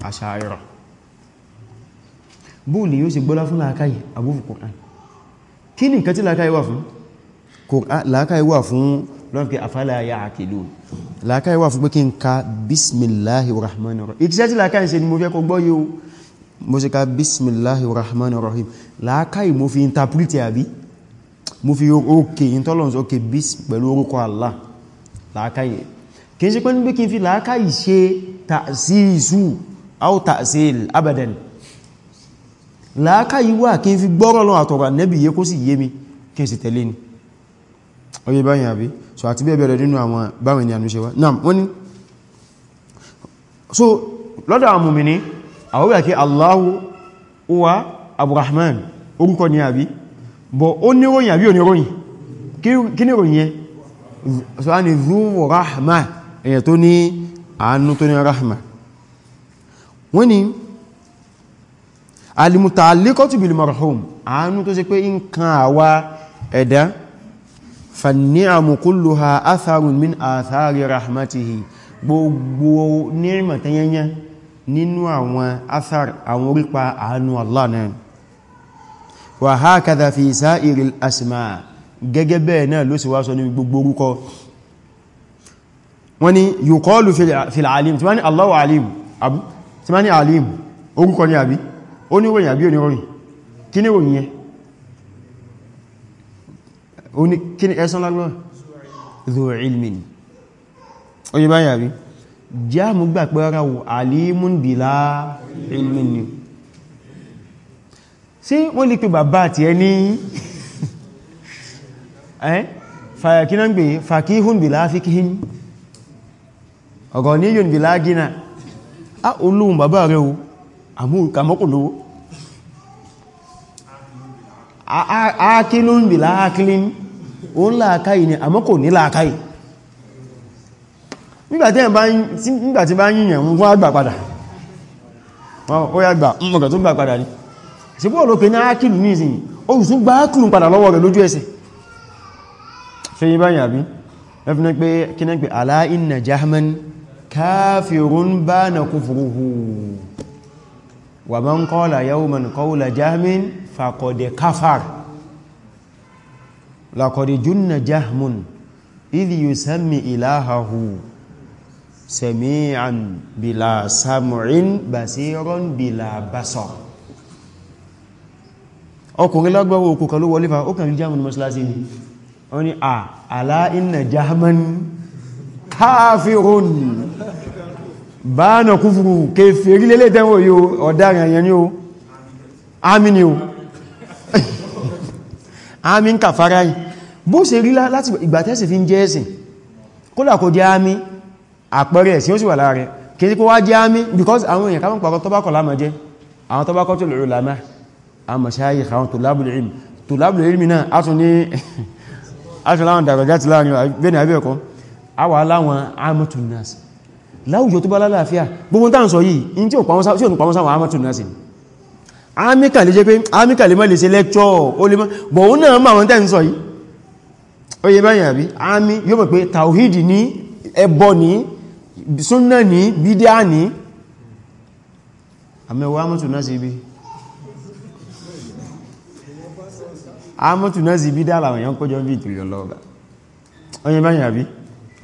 àṣàyọ̀rọ̀ bóò ni yóò ṣe gbọ́lá fún làákàí àbúfù Qur'an kí ni nǹkan tí làákàí wà fún làákàí wà fún lọ́nkẹ afala ya'qilun làákàí wà fún pé kí n ka bismillahi rahmanir rahim ìtíṣẹ́ làákàyè kìí ṣe pé nígbé kí n fi làákàyè ṣe tàṣíìsù áò tàṣíìl abadan làákàyè wà kí n fi gbọ́rọ̀ lọ àtọ̀rọ̀ ànẹ́bì yẹ kó sì yé mi kí n sì tẹ̀lé ni oye báyìí àbí so àti bẹ́ẹ̀ bẹ̀rẹ̀ nínú àwọn báwọn ènìyàn ṣe wá so lọ́dọ̀ àwọn mùmìnì àwọn kí Allahu wa Aburahman orúkọ ni àbí bọ̀ ó ní ròyìn àbí ò ní ròyìn yẹn so a ni zuwa rahma èyàn tó ní àánú tó ní rahma wọ́n ni al-muta'alliqatu bil marhum àánú tó ṣe pé in kan àwa ẹ̀dá fanni'amu kulluha atharun min athari rahmatihi gbogbo nírìmọ̀ tẹ́yẹnyẹ nínú àwọn athar àwọn orípa àánú Allah náà wa hakadha fi sa'iril asma' gẹ́gẹ́ bẹ́ẹ̀ náà ló sì wá sọ ní gbogbo orúkọ wọ́n ni yuqalu fil alim tí wọ́n ni Allahu alim abu tí wọ́n ni alim orúkọ ni àbí ó ní ròyìn àbí oníròyìn kí ni ròyìn yẹn kí ni ẹ̀sán lágbọ́ sí wọ́n lè pè bàbá àti ẹni fàyàkínà ń gbé fàkíhùn bí ọ̀gọ̀ ní bí láàgínà á olóhun bàbá rẹ̀ o àmúkàmọ́kùnlówó ákílùn bí láàkílín o ń láàkáyì ni ní láàkáyì nígbàtí bá wọ́n àgbà padà ó yá gbà mọ̀kà tó gbà padà ní ṣe yí báyìí àbí ẹfìnà pé kíná pé ala inna jahman kafirun bana kufruhu wa man qala yawman qawla jahmin faqad kafar laqad junna jahmun idh yusammi ilahahu sami'an bila sam'in basiran bila basar ọkùnrin lágbàwò òkùnkàn ló wọlé fa ó kàn ní ni wọ́n ni à aláìnà jahman káàfihùn bá nà kúfùrù kéfèrí lélẹ̀ tẹ́wọ̀ yóò ọ̀dára yẹn ni ó àmín ni ó àmín kàfàrá yìí bó ṣe rí láti ìgbàtẹ́sì fi ń jẹ́ ẹ̀sìn kódà kò jẹ́ àmín àpẹẹrẹ ẹ̀sìn ó sì wà láàrẹ kìí kó wá jẹ́ àmín because àwọn èèyàn káwọn pàkọ́ tọ́bákọ̀ lámà jẹ́ àwọn tọ́bákọ̀ tó lòrò lámà àwọn mọ̀ṣáyì àwọn tòlábùlù ilmi náà aṣọ́láwọn dàgbàjá ti láàrin bẹ́ni àbẹ́ẹ̀kọ́ àwà aláwọn amatunas láwùjọ tó bá lálàáfíà gbogbo tàà ń sọ yìí in tí ò pàwọn sáwọn amatunas ni amíkà lè jẹ́ pé amíkà lè má lè ṣe lẹ́kṣọ́ ó lè mọ́ bọ̀ ó náà máa wọn tẹ́ ń sọ yìí amọ́tù náà zìbí dára àwọn èèyàn kójọ bí ìtìrì ọlọ́ọ̀gá ọyẹ báyìí àbí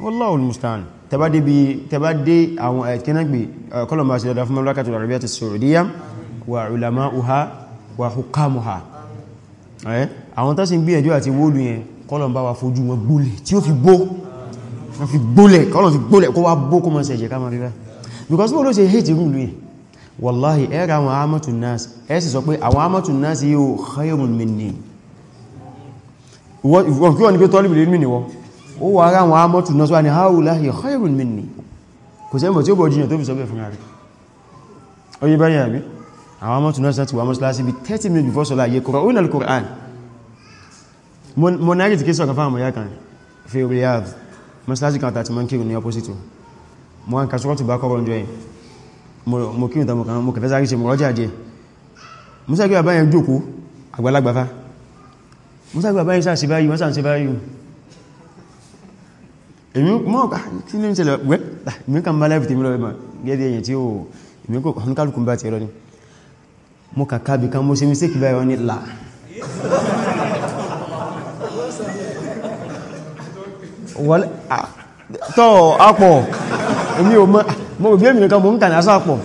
Wallahu musta'an tẹbá dé bí tẹbá dé àwọn ẹ̀kẹ́nàgbé kọlọmbà sí dada fún mọ́lákàtù Arabia ti Saudiya wa ulama'uha wa hukamuha àwọn tó sì ń gbìyànjú àti wóòlù yẹn kọlọmbà wa fojú wọn gbólẹ̀ tí ó fi gbó fi gbólẹ̀ kọlọ̀ fi gbólẹ̀ kó wá bó kó mọ́ sí sì sọ pé àwọn amatu nas yóò khayrun minni wọ́n kí wọ́n ní pé tọ́lìbì lè mìí wọ́n ó wà ara wọn ámọ́tù náà sọ́wọ́ ni haula hiya khairun minni kò sẹ́mọ̀ tí ó bọ̀ jíyàn tó fi sọ bẹ̀ fún ààrẹ oye báyìí àbí àwọn ámọ́tù náà sọ́tù wà mọ́sílásí bí 30 minutes before sọ́lá yẹ kọ̀rọ̀ òun al-Qur'an mo náà rí ti kí sọ̀rọ̀ fáwọn ya kan fi Riyadh mọ́sílásí kan tàti mọ́n kírun ní opposite mo wá ń ka sọ́rọ̀tù bá kọ́rọ̀ jọ yìí mo kírun tàbí mo kẹfẹ́ sáré ṣe mọ́rọ́jà jẹ mo sáré àbáyẹn jókòó àgbàlagbàfá wọ́n sàgbà báyìí sà sí báyìí wọ́n sà sí báyìí èmi mọ́ ọ̀ká ah, tí ní ìṣẹ̀lẹ̀ wẹ́ ah, èmi kàn bá láìfì tí mi lọ ẹ̀mà gẹ́gẹ́ èyàn tí ó èmi kò kàn kálùkùn bá ti rọ ní mo kàkà bí kan mo ṣe mistake báyìí wọ́n ní là tọ́ àpọ̀ èmi ò mọ́ mo rò bí èmi nìkan mo ń kà ní asọ́ àpọ̀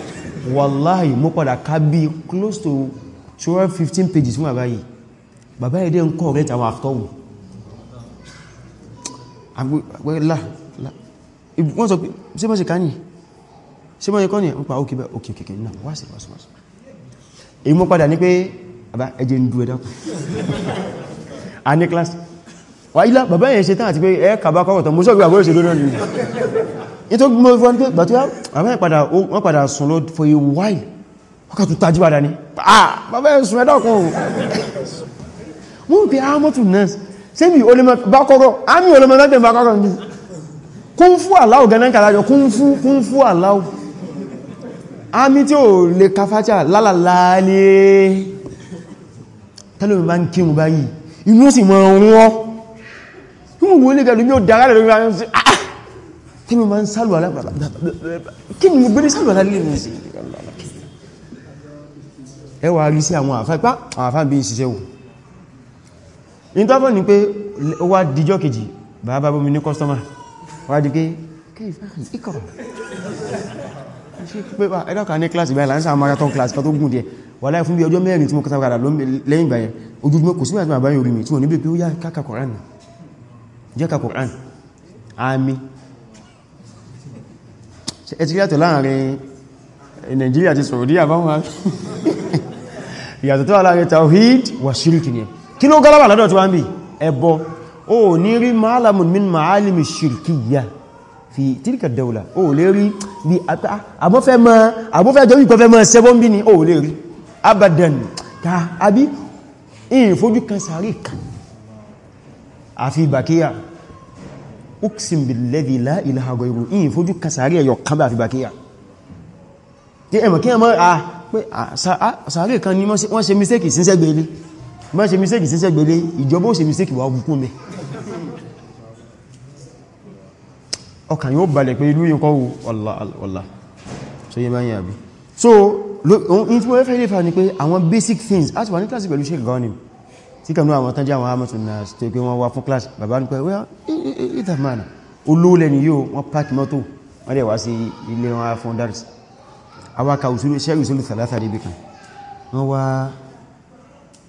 wallahi mo padà ká close to 12 15 pages fún àbáyìí bàbá ẹ̀dẹ́ ń kọ́ rẹ̀ tàwọn àtọ́wù agbẹ́lá wọ́n sọ pé ṣe mọ́ sí ká ní ṣe mọ́ ikọ́ ní ọpa òkè bẹ́ òkè òkè náà wá sí wáṣí wáṣí èyí mọ́ padà ní pé bàbá ẹjẹ́ ń du ẹ̀dá a ní kílásì wà ilá bàbá ẹ̀yẹn ṣe tán àti pé ẹ kàbá kọ́kọ̀ tán mú sọ́gbà bó ṣe lónà nìyí ìtò mọ́ fún pé bàtú bàbá ẹ̀ padà sùn lọ for a while ọkà tún tají padà ní ah, bàbá ẹ̀ sùn ẹ̀dá wọ́n pè ámọ́tù nọ́ọ̀sì sí mi olèmọ̀bákọ́rọ̀ ámì olèmọ̀bákọ́rọ̀ ní kún fún aláwọ̀ ganan kàlájọ kún fún kún fún aláwọ̀ ámì tí ó lè kafátíà lálàlálẹ́ tẹ́lẹ̀mì bá ń kí mú báyìí inú sì mọ̀ ọ̀rún ọ́ ẹwà ah! rí sí àwọn àfá ipá àwọn àfá bí i ṣiṣẹ́ wò in tó fún ní pé ó wá díjọ́ kejì bàbá bómi ní kọ́stọ́mà wá di pé ikọ̀ ah, ẹ̀dọ́kà ní kílásì báyìí láńsà marathon class kan tó gùn díẹ̀ wà láì fún bí ọjọ́ mẹ́rin tí mo kásàkàrà lẹ́yìn ìgbà yẹn ojúgbọ́n kò síwájú àbáyé orí mi tí wọ́n níbi pé ó yá káka Kùránì jẹ́ ká Kùránì àmì ẹ̀tí yàtọ̀ láàrin Nàìjíríà ti Saudi àbáwọn yàtọ̀ tó láàrin tawhid wa shirk ni kí ló galaba lọ́dọ̀ tí wá ń bí ẹbọ o ní rí ma'alamun min ma'alimi shirkiya fi tilka daula o lè rí bí abọ́fẹ́ ma abọ́fẹ́ jẹ́ wípẹ́fẹ́ ma sẹ́bọ́n bí ni o lè rí abadan ta àbí in fojú kan sàárì kan àfi bàkíyà uksim billadhi la ilaha ghayru in fojú kan sàárì ẹyọ kan bá àfi bàkíyà tí ẹmọ̀ kí ẹmọ̀ sàárì kan ni wọ́n ṣe mistake sínsẹ́gbẹ̀ẹ́lé má ṣe mistake sí sẹ́gbẹ̀lé ìjọba ó ṣe mistake wà gùnkún mẹ́ ọkàn yóò balẹ̀ pé ìlú yínkọ́ wọ́lá so yẹ máa yàbí so in tí wọ́n fẹ́ lè fa ni pé àwọn basic things a ti wà ní kílásì pẹ̀lú Sheikh Gani tí kàmú àwọn tán jẹ́ àwọn amọ́tún na tó pé wọ́n wá fún kílásì bàbá ní pé ìtàmànà olóòlẹ̀ ni yóò wọ́n pàkì mọ́tò wọ́n dẹ̀ wá sí ilé wọn fún dáris awaka òṣèlú sẹ́rù òṣèlú thalatha débìkan wọ́n wá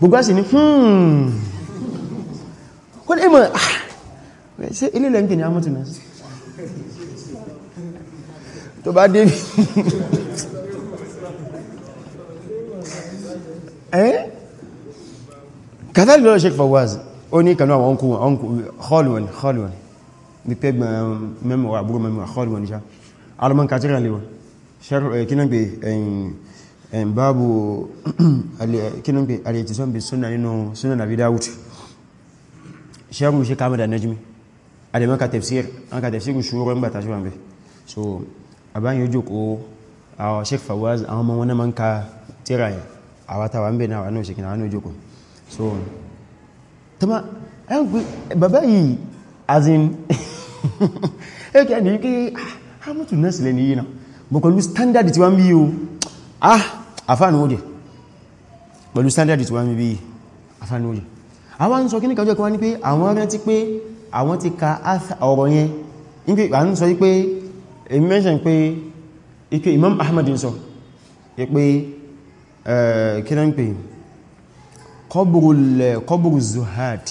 gbogbo sì ní hmmm kó ní ìmọ̀ ah. ṣe ilé lẹ́nkì ni a mọ́tún náà tó bá dé bí ẹ́ eh? kàtàlì lọ́rọ̀ Sheikh Fawaz ó ní kanú àwọn ọkùnrin hollywood hollywood ní pẹ́gbọ̀n eh, mẹ́mọ̀ àbúrò mẹ́mọ̀ hollywood ṣá alọ́mọ́ kàtíràn lè báàbù kínúkì alẹ́tìsọ́n bí súnà nínú súnà nàbí dáwùd ṣẹ́rù ṣe kàmàdà najmi alẹ́mọ́ka tafsir an ka tafsir ṣúrọ̀ ń bàtà ṣe wọ́n bẹ̀ so àbáyé jòkó àwọn Sheikh Fawaz àwọn ọmọ wọn mọ́n ka tíra yẹn àwátàwà ń bẹ̀ ah, náà wà náà ṣe kìnnà wà náà jòkó so tọ́mà bàbá ni kí hamilton nurse ah àfáàní ó jẹ́ pẹ̀lú standard tí wọ́n mi bí àfáàní ó jẹ́ àwọn ń sọ kí ní kàjọ́ kí wọ́n ní pé àwọn rántí pé àwọn ti ka ọ̀rọ̀ yẹn ní pé àwọn sọ pé èmi mention pé ike Imam Ahmad ń sọ pé eh, kí náà ń pè zuhad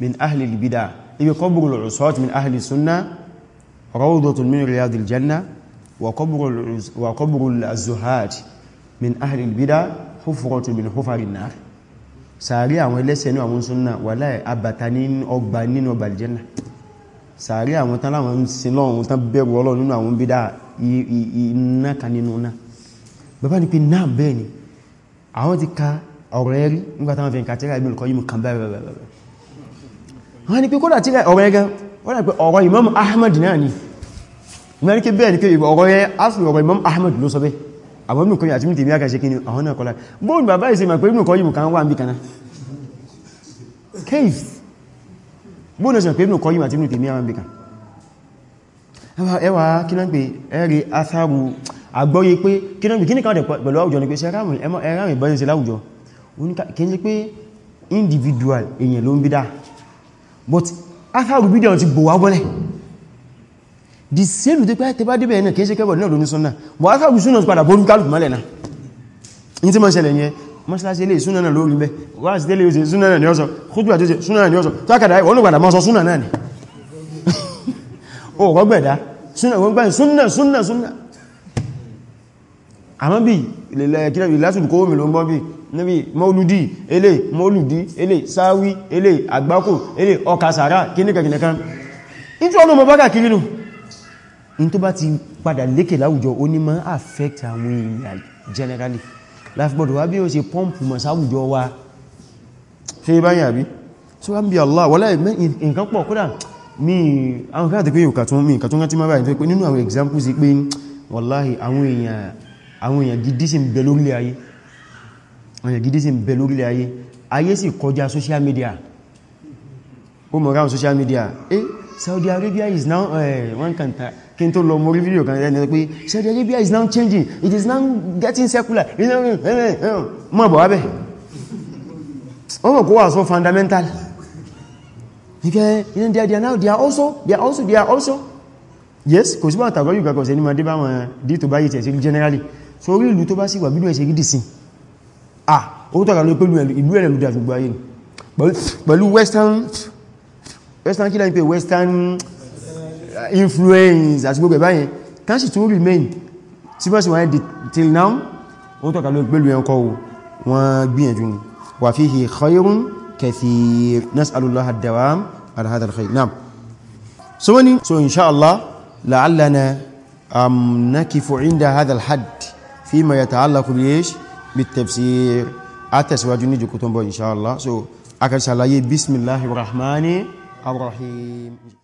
min ahli al وقبر الزهاد من أهل البدع حفرة من حفر النار sàárì àwọn ẹlẹ́sẹ̀ ní àwọn súnnà wà láì àbàtà nínú ọgbà nínú ọgbà ìjẹ́nà sàárì àwọn tán láwọn ń sin lọ́wọ́n tán bẹ̀rù Ọlọ́run nínú àwọn bídá iná kan nínú náà bàbá ní pé náà ni àwọn ti ka ọ̀rọ̀ ẹ̀rí nígbàtàwọn fi ń kàtíra Ibn Qayyim kan bẹ́ẹ̀ mẹ́ríkẹ́ bẹ́ẹ̀ ní kí ọ̀rọ̀ yẹ asùn ọ̀rọ̀ Imam Ahmad ló sọ bẹ́ àwọn ibùn kan yà tí mú tèmi àkàṣe kí ni àwọn náà kọlá bóòlù bàbá ìsẹ́ ma pé ibùn kan yìí kan wà ń bí kaná cave bóòlù sọ pé ibùn kan yìí àti mú tèmi àwọn bí kan ẹwà kí náà pé ẹ̀rẹ̀ atharu àgbọ́yé pé kí náà pé kí ní kan pẹ̀lú àwùjọ ni pé ẹ̀rámì bọ́ sí láwùjọ kí ní pé individual èèyàn ló ń bídá but atharu bídá ti bò wá bọ́lẹ̀ di same de pé tẹbá débẹ̀ ẹ̀nà kìí ṣe kẹ́bọ̀ náà lóní súnnà wà áfàbù súnnà padà ború kálùkù mọ́lẹ̀ náà in tí mọ́ ṣẹlẹ̀ yẹn mọ́ṣíláṣí ilé súnnà náà lórí bẹ́ wà sí tẹ́lẹ̀ oṣe súnnà náà ni ọ́sọ̀ kójú àti oṣe súnnà náà ni ọ́sọ̀ tákàdá wọ́n padà mọ́ sọ súnnà náà ni ó rọ́gbẹ̀dá súnnà súnnà súnnà àmọ́ bí ìlàsùlù kówó mi ló ń bọ́ bí níbi mọ́lúdí elé mọ́lúdí elé sáwí elé àgbákò elé ọkà sàárà kíníkà kìnìkan ìtú ọlọ́mọ bá kàkiri nù in tó bá ti padà lékè láwùjọ ó ní máa affect àwọn èèyàn generally láfibọ̀dọ̀ wá bí ó ṣe pọ́mpù mọ̀ sáwùjọ wa ṣe báyìí àbí so wá ń bí allah wọ́lá nǹkan pọ̀ kódà mi àwọn káàtẹ̀ pé yòkà tún mi nǹkan tún rántí máa báyìí pé nínú àwọn examples pé wàláhì àwọn èèyàn gidi sí ń bẹ lórílẹ̀ ayé àwọn èèyàn gidi sí social media ó social media eh Saudi Arabia is now Eh, one can kí n tó lọ mọ́ fídíò kan ẹni pé Saudi Arabia is now changing it is now getting secular eh, eh, eh, mọ́ bọ̀ wábẹ̀ wọ́n mọ̀ kó wà so fundamental nígbẹ́ you know, they are now they are also they are also they are also yes kò síbọn àtàgọ́ yìí kàkọ̀ sí ẹni ma dé bá wọn dí tó báyìí tẹ̀ sí generally so orí ìlú tó bá sí wà bídó ẹ̀ṣẹ̀ gidi sí ah ó tọ́ka ló pẹ̀lú ìlú ẹ̀rẹ̀lú dàgbà ayé pẹ̀lú western western kí láyé pé western eh, influence àti gbogbo ẹ̀báyẹn kan sì tún remain tí bá sì wáyé till now wọ́n tọ́ka ló gbẹ́lú ẹnkọ́ wọ́n gbìyànjú ni wà fihi khayrun kathir nas'alullaha ad-dawam ala hadha al-khayr naam so wani so inṣáàlá la'allana am nakifu inda hadha al-hadd fima yata'allaqu bi ish bit-tafsir a tẹ̀síwájú ní jùkú tó bọ̀ inṣáàlá so a kàrí sàlàyé الرحيم